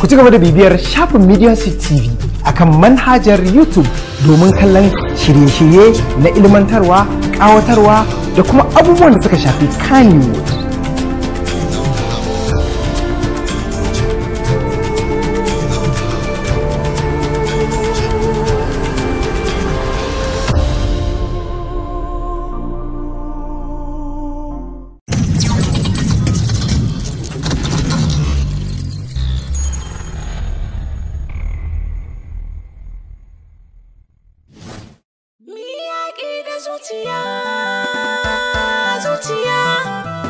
Ku ci gaba da bibiyar shafin Media City TV akan manhajar YouTube domin kallon shirye-shirye na ilmantarwa, ƙawatarwa da kuma abubuwan da suka shafi Kannywood. zuciya zuciya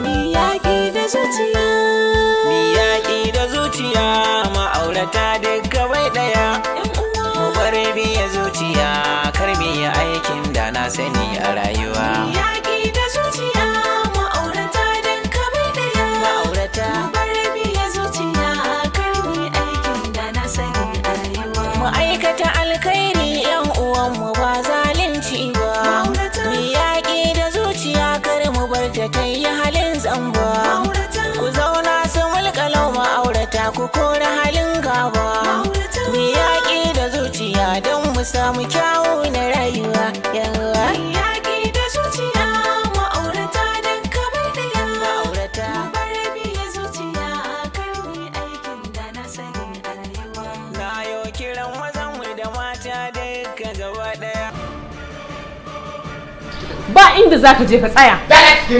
mi yaƙi da zuciya mi da zuciya ma'aurata duk gabai ɗaya mu bar biya zuciya kar mu yi aikin da na sani a rayuwa mi da zuciya ma'aurata duk gabai ɗaya ma'aurata mu bar biya zuciya kar mu aikin da na sani a rayuwa mu aikata alkhairi yan uwan mu ku kora halin gaba mu yaƙi da zuciya don mu samu kyawu na rayuwa yawa da zuciya ma'aurata da kamar ma'aurata zuciya ba inda za ka je ka tsaya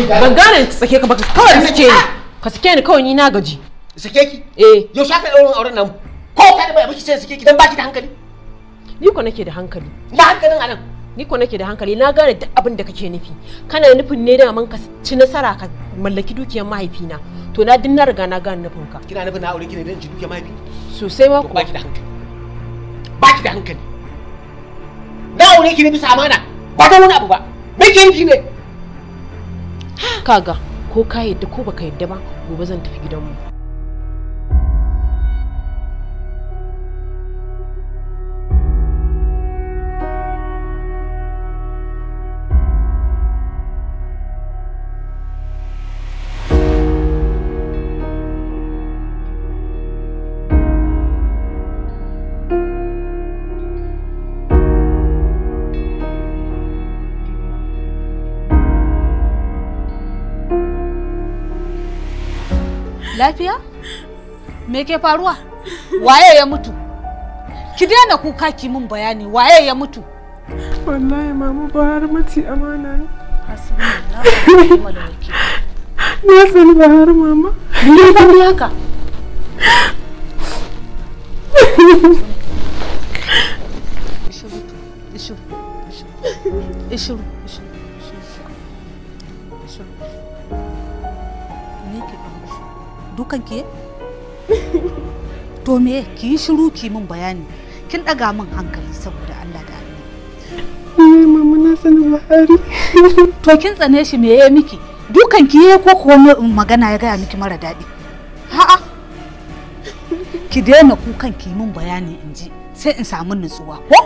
ban gane sake ka ba kawai suke ah! ka sake ni kawai ni na gaji sake ki eh yaushe aka ɗaurin auren nan ko ka da bai baki sai sake ki dan baki da hankali ni ko nake da hankali na hankalin anan ni ko nake da hankali na gane duk abin da kake nufi kana nufin ne da man ka ci nasara ka mallaki dukiyar mahaifina to na din na riga na gane nufin ka kina nufin na aure ki ne dan ci dukiyar mahaifi sosai ma ko baki da hankali baki da hankali na aure ki ne bisa amana ba da wani abu ba mikin ki ne kaga ko ka yadda ko baka yadda ba gobe zan tafi gidan mu. lafiya me ke faruwa waye ya mutu ki daina kuka ki min bayani waye ya mutu wallahi mamu ba har mace amana ne na sani har mama me ya haka ishiru ishiru ishiru dukan ki to me ki yi shiru ki min bayani kin daga min hankali saboda Allah da Allah mama na sanin Buhari to kin tsane shi me ya miki dukan ki yayi ko ko magana ya gaya miki mara daɗi ha'a ki daina kukan ki min bayani in ji sai in samu nutsuwa ko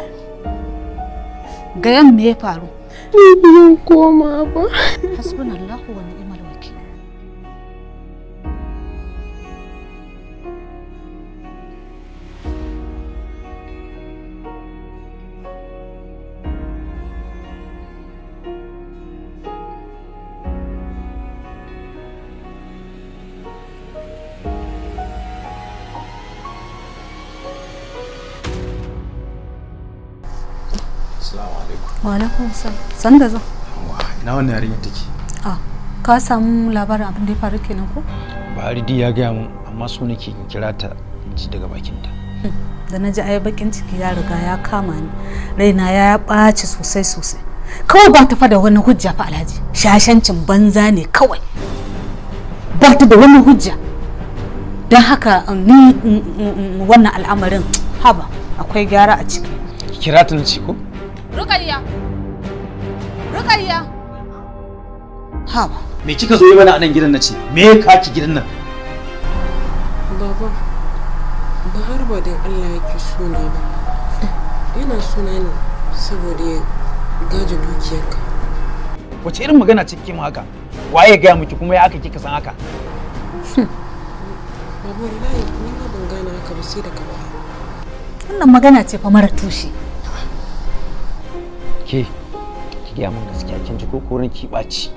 gayan me ya faru ni biyan koma ba hasbunallahu wa ni'mal wa alaikum salam san da zo ina wannan yarinyar take a ka samu labarin abin da ya faru kenan ko di ya gaya mun amma so nake in kira ta ji daga bakinta hmm, da na ji ai bakin ciki ya riga ya kama ni raina ya ɓaci sosai sosai kawai ba ta da wani hujja fa alhaji shashancin banza ne kawai ba ta da wani hujja don haka um, ni um, um, wannan al'amarin haba akwai gyara a ciki kira ta na ko Rukayya. Rukayya. Haba. Me kika zo yi mana a nan gidan na ce? Me ka ki gidan nan? Baba, ba har ba dan Allah yake so na ba. Yana suna ne saboda ya gaji dukiyarka. Wace irin magana ce kike haka? Waye gaya miki kuma ya aka kika san haka? Hmm. Baba, wallahi ni ma ban gane haka ba sai da ka ba. Wannan magana ce fa mara tushe. ke ki gaya min gaskiya kin ji ko koran ki ɓaci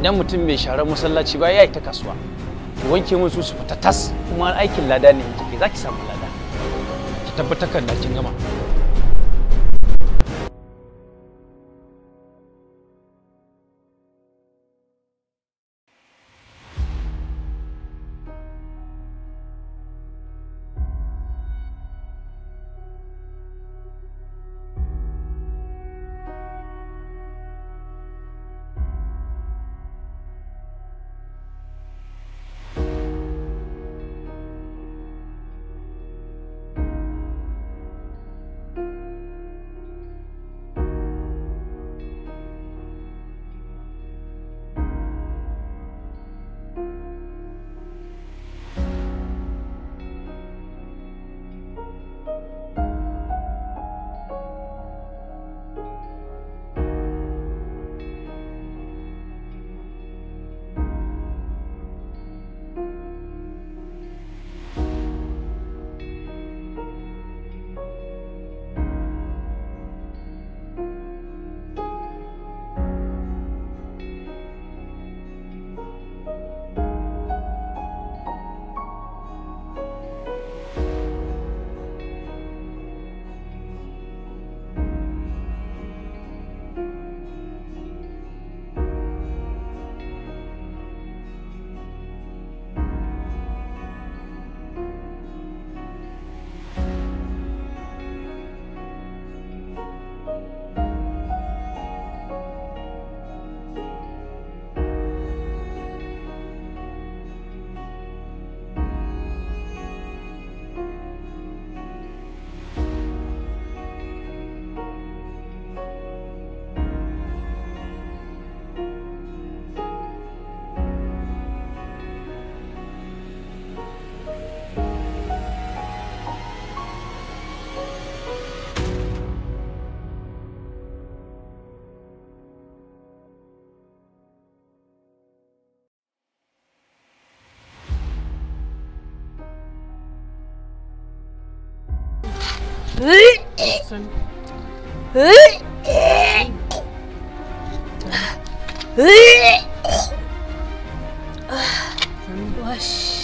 idan mutum mai sharar masallaci ba ya yi ta kasuwa ki wanke min su su fita tas kuma aikin lada ne za zaki samu lada ki tabbatar kan da kin gama よし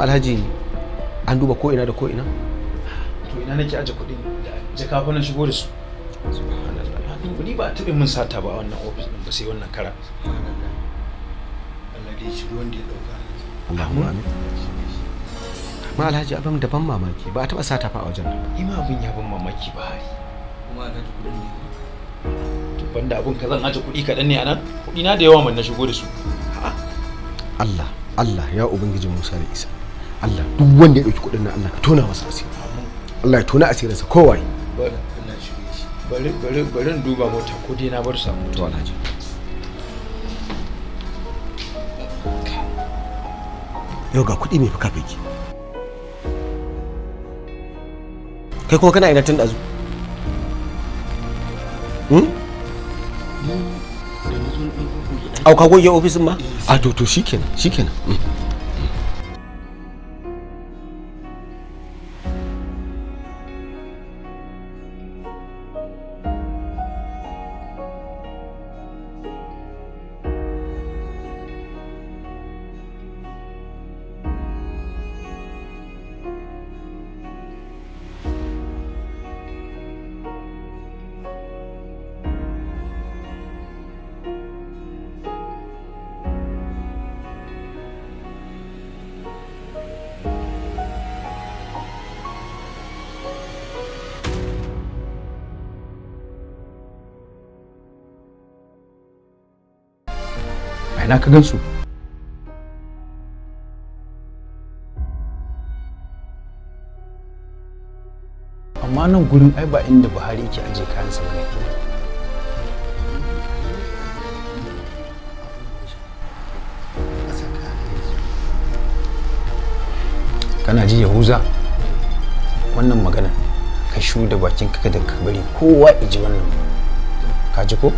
kuma alhaji an duba ko ina da ko ina to ina nake aje kuɗin da jaka fa na shigo da su kuɗi ba a taɓa min sata ba wannan ofis ɗin ba sai wannan kara Allah dai shi wanda ya ɗauka Allahumma amin ma alhaji abin da ban mamaki ba a taɓa sata fa a wajen nan ima abin ya ban mamaki ba hari kuma alhaji kuɗin ne to da abin ka zan aje kuɗi kaɗan ne a nan kuɗi na da yawa man na shigo da su Allah Allah ya Ubangiji Musa da Isa Allah duk wanda ya dauki kudin nan Allah ka tona masa asiri Allah ya tona asirin sa asirinsa kowaye bari bari bari duba mota ko dai na bar sa mota wala ji yau ga kudi mai fuka fiki kai kuma kana ina tun da zu hmm auka goge ofisin ma a ah, to to shikenan shikenan hmm. ina ka gan su amma nan gurin ai ba inda buhari yake aje kayansa ba kana ji yahuza wannan magana ka shuda bakin ka da ka bari kowa iji wannan ka ji ko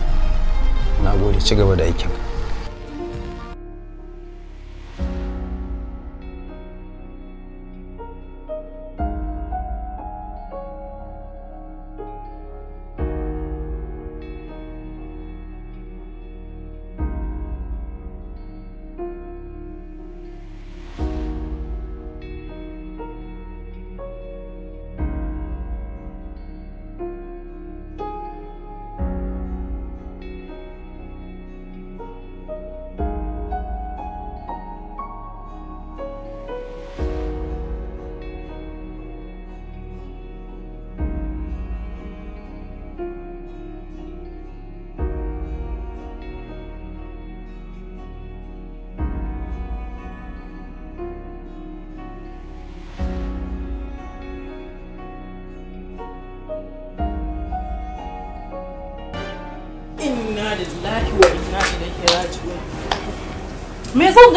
na gode ci gaba da aikinka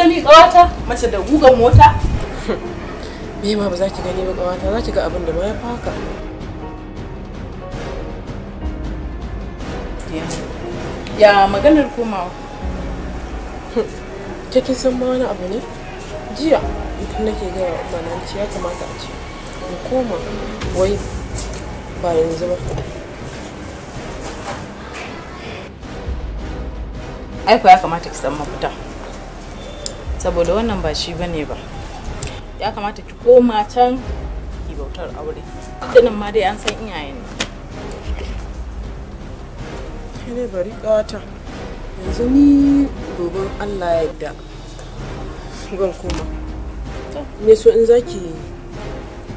gani ƙawata mace da gugan mota me ma ba za ki gani ba ƙawata za ki ga abin da ba ya faka. haka ya maganar komawa ke kin san ma wani abu ne jiya idan nake ga mananci ya kamata a ce in koma wai ba yanzu ba aiko ya kamata ki san mafita saboda wannan ba shi bane ba ya kamata ki koma can ki bautar aure dukkanin ma dai an san iyaye ne ne bari kawata yanzu ni gobe Allah ya yarda zan koma me so in zaki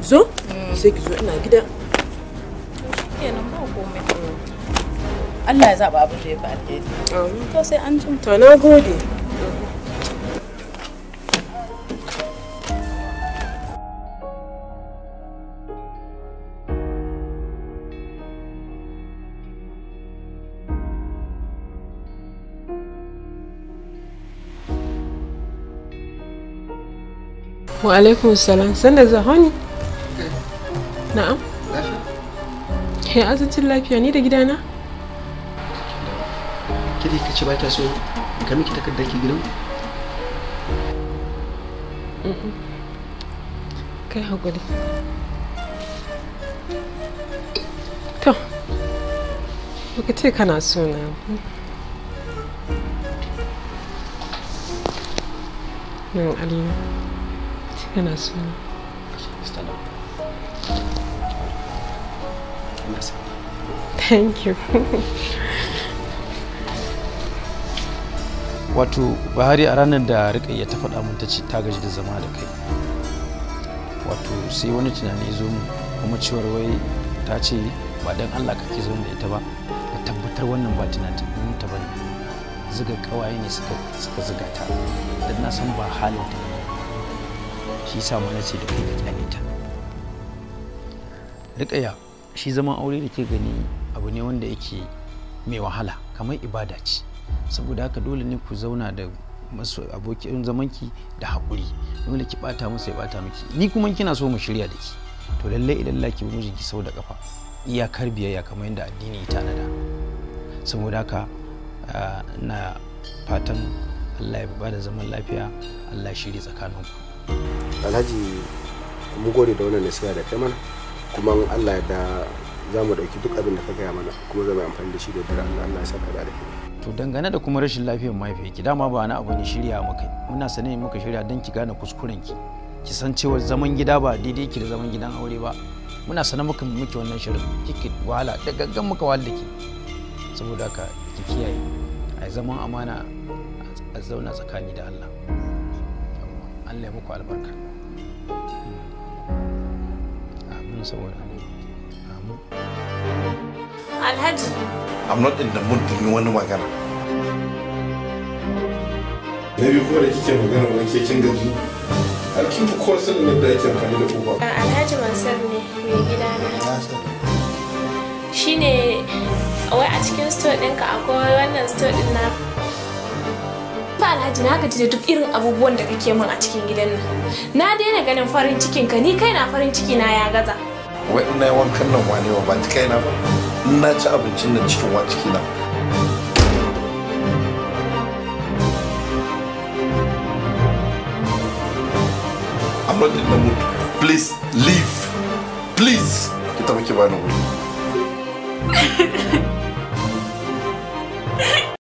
zo mm. sai ki zo ina gida kenan ba komai Allah ya zaba abin da ya fi alheri to sai an jimta. to na gode wa alaikun salam sanda zahoni na'am he azancin lafiya ni da gidana ki dai kace ba ta so ka miki takardar ki gidan kai hakuri kana so na yana so thank you wato bahari a ranar da rikayya ta faɗa mun ta ce ta gaji da zama da kai wato sai wani tunani zo mu kuma cewar wai ta ce ba dan allah kake zo da ita ba ka tabbatar wannan ba tunanin ta bane zuga kawaye ne suka zuga ta dan na san ba halin ta shi sa mana ce da kai ka kyale ta rikaya shi zaman aure da ke gani abu ne wanda yake mai wahala kamar ibada ce saboda haka dole ne ku zauna da masu abokin zamanki da hakuri dole ki bata musu ya bata miki ni kuma kina so mu shirya da ki to lallai idan laki bi ki sau da kafa iyakar biyayya kamar yadda addini ya tanada saboda haka ah, na fatan Allah ya bada zaman lafiya Allah shiri tsakaninku alhaji mu gode da wannan nasiha da kai mana kuma in allah ya da za mu ɗauki duk abin da ka gaya mana kuma za mu amfani da shi da dare allah allah ya saka da alheri to dangane da kuma rashin lafiyar mahaifiyarki dama ba wani abu ne shirya maka muna sane muka shirya don ki gane kuskuren ki ki san cewa zaman gida ba daidai ki da zaman gidan aure ba muna sanar muka muke wannan shirin kike wahala da gaggan muka wahala ki saboda haka ki kiyaye a zaman amana a zauna tsakani da Allah allah ya muku albarka amin saboda amin alhaji i'm not in the mood to yi wani magana na biyu kuma da kike magana wani ke cin gaji har kin fi kowa sanin yadda yake amfani da uba alhaji mansar ne mai gida na shine wai a cikin store ɗinka akwai wannan store ɗin na alhaji na gaji da duk irin abubuwan da kake min a cikin gidan nan na daina ganin farin cikin ka ni kaina farin ciki na ya gaza wai ina yi wankan nan wane wa ba ci kaina ba na ci abincin nan cikin wa ciki na amma da na mutu please leave please ki tabbaki bani wuri